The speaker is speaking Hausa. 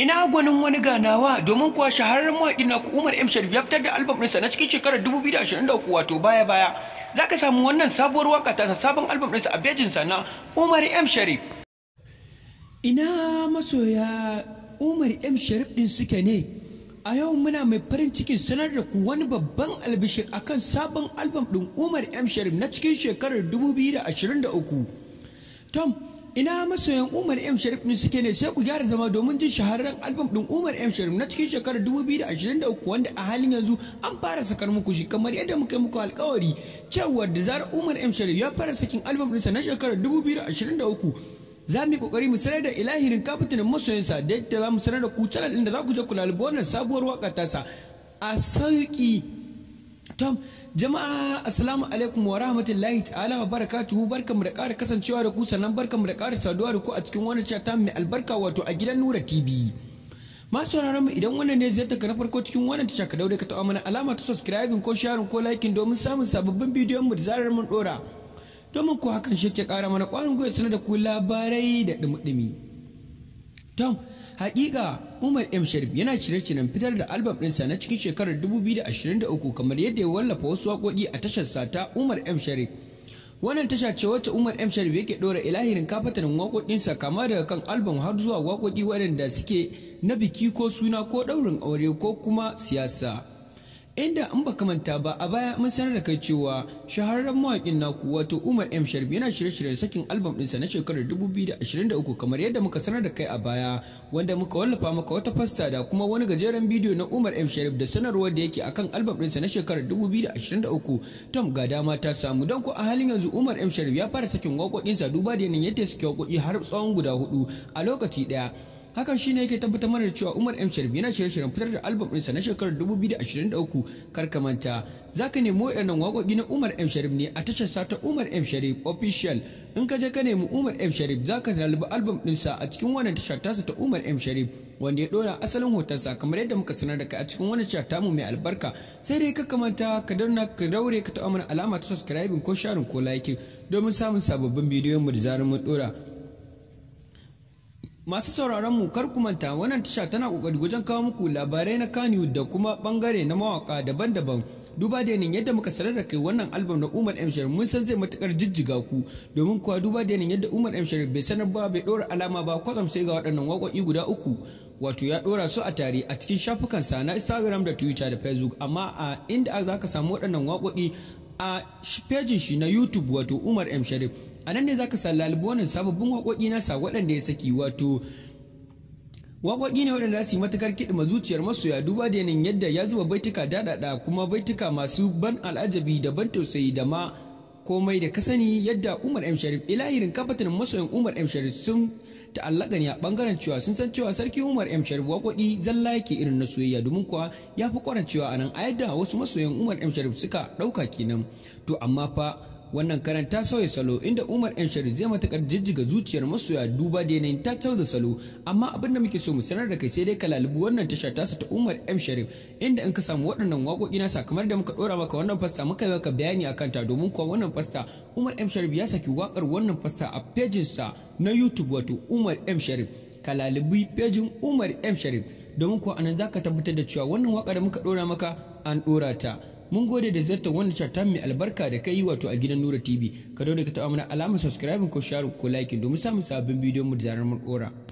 ina gwanin wani ganawa domin kuwa shahararren mawaƙi na ku Umar M Sharif ya fitar da album ɗinsa na cikin shekarar 2023 wato baya baya za ka samu wannan sabuwar waƙa ta sabon album ɗinsa a bejin sa na Umar M Sharif ina masoya Umar M Sharif din suke ne a yau muna mai farin cikin sanar da ku wani babban albishir akan sabon album ɗin Umar M Sharif na cikin shekarar 2023 Tom ina masoyan Umar M Sharif ne suke ne sai ku gyara zama domin jin shahararren album din Umar M Sharif na cikin shekarar 2023 wanda a halin yanzu an fara sakar muku shi kamar yadda muka yi muku alkawari cewa da zarar Umar M Sharif ya fara sakin album ɗinsa na shekarar 2023 za mu yi kokari mu sanar da ilahirin kafitinan masoyansa da yadda za mu sanar da ku channel ɗin da za ku je ku lalubo wannan sabuwar waka tasa a sauki Tom, jama'a assalamu alaikum wa rahmatullahi ta'ala wa barakatuhu barkamu da ƙara kasancewa da ku sannan barkamu da ƙara saduwa da ku a cikin wannan chat mai albarka wato a gidan Nura TV. Masu sauraron mu idan wannan ne ziyarta ka na farko cikin wannan tasha ka daure ka taɓa mana alama ta subscribing ko sharing ko liking domin samun sababbin bidiyon mu da zarar mun dora. Domin ko hakan shi ke ƙara mana ƙwarin gwiwa sanar da ku labarai da dumi Tom, hakika Umar M. Sharif yana shirye-shiryen fitar da albam ɗinsa na cikin shekarar 2023 kamar yadda ya wallafa wasu waƙoƙi a tashar sa ta Umar M. Sharif. Wannan tasha ce wacce Umar M. Sharif yake ɗora ilahirin kafatanin waƙoƙinsa kama daga kan albam har zuwa waƙoƙi waɗanda suke na biki ko suna ko ɗaurin aure ko kuma siyasa. inda in baka manta ba a baya mun sanar da kai cewa shahararren mawaƙin naku wato Umar M Sharbi yana shirye-shiryen sakin album ɗinsa na shekarar 2023 kamar yadda muka sanar da kai a baya wanda muka wallafa maka wata fasta da kuma wani gajeren bidiyo na Umar M Sharif da sanarwar da yake akan album ɗinsa na shekarar 2023 Tom ga dama ta samu don ko a halin yanzu Umar M Sharif ya fara sakin waƙoƙinsa duba da yanayin yadda suke waƙoƙi har tsawon guda hudu a lokaci ɗaya hakan shine yake tabbatar mana da cewa Umar M Sharif yana shirye-shiryen fitar da album ɗinsa na shekarar 2023 kar ka manta zaka nemi waɗannan waƙoƙi na Umar M Sharif ne a tashar sa ta Umar M Sharif official in ka je ka nemi Umar M Sharif zaka zalbi album ɗinsa a cikin wannan tashar tasa ta Umar M Sharif wanda ya ɗora asalin hotonsa kamar yadda muka sanar da kai a cikin wannan tashar mu mai albarka sai dai ka kamanta ka dauna ka daure ka taɓa mana alama ta subscribing ko sharing ko liking domin samun sababbin bidiyon mu da zarar mun ɗora Masu sauraron mu kar ku manta wannan tasha tana kokari wajen kawo muku labarai na Kannywood da kuma bangare na mawaka daban-daban. Duba da yanayin yadda muka sanar da kai wannan album na Umar M Sharif mun san zai matukar jijjiga ku domin kuwa duba da yanayin yadda Umar M Sharif bai sanar ba bai dora alama ba kwatsam sai ga waɗannan waƙoƙi guda uku wato ya dora su a tare a cikin shafukansa na Instagram da Twitter da Facebook amma a inda za ka samu waɗannan waƙoƙi a pejin shi na YouTube wato Umar M Sharif a nan ne zaka sallalibi wannan sababbin waƙoƙi nasa waɗanda ya saki wato waƙoƙi ne waɗanda za su yi matakar ma zuciyar masoya duba da yanayin yadda ya zuba baituka daɗaɗa kuma baituka masu ban al'ajabi da ban tausayi da ma komai da ka sani yadda Umar M Sharif ilahirin kafatin masoyan Umar M Sharif sun ta'allaka ne a bangaren cewa sun san cewa sarki Umar M Sharif wakwadi zalla yake irin na soyayya domin kuwa ya fi kwarancewa a nan a yadda wasu masoyan Umar M Sharif suka ɗauka kenan to amma fa wannan karanta sauya salo inda umar yan shari zai matakar jijjiga zuciyar masoya duba da yanayin ta canza salo amma abin da muke so mu sanar da kai sai dai ka lalubu wannan tasha tasa ta umar yan sharif inda in ka samu waɗannan waƙoƙi nasa kamar da muka ɗora maka wannan fasta muka yi maka bayani a kanta domin kuwa wannan fasta umar yan sharif ya saki waƙar wannan fasta a pejinsa na youtube wato umar yan sharif ka lalubi pejin umar yan sharif domin kuwa anan za ka tabbatar da cewa wannan waƙa da muka ɗora maka an ɗora ta mun gode da ziyartar wannan chatta mai albarka da kai wato a gidan Nura TV ka daure ka taɓa mana alamar subscribe ko share ko like domin samun sabbin bidiyon mu da zarar mun dora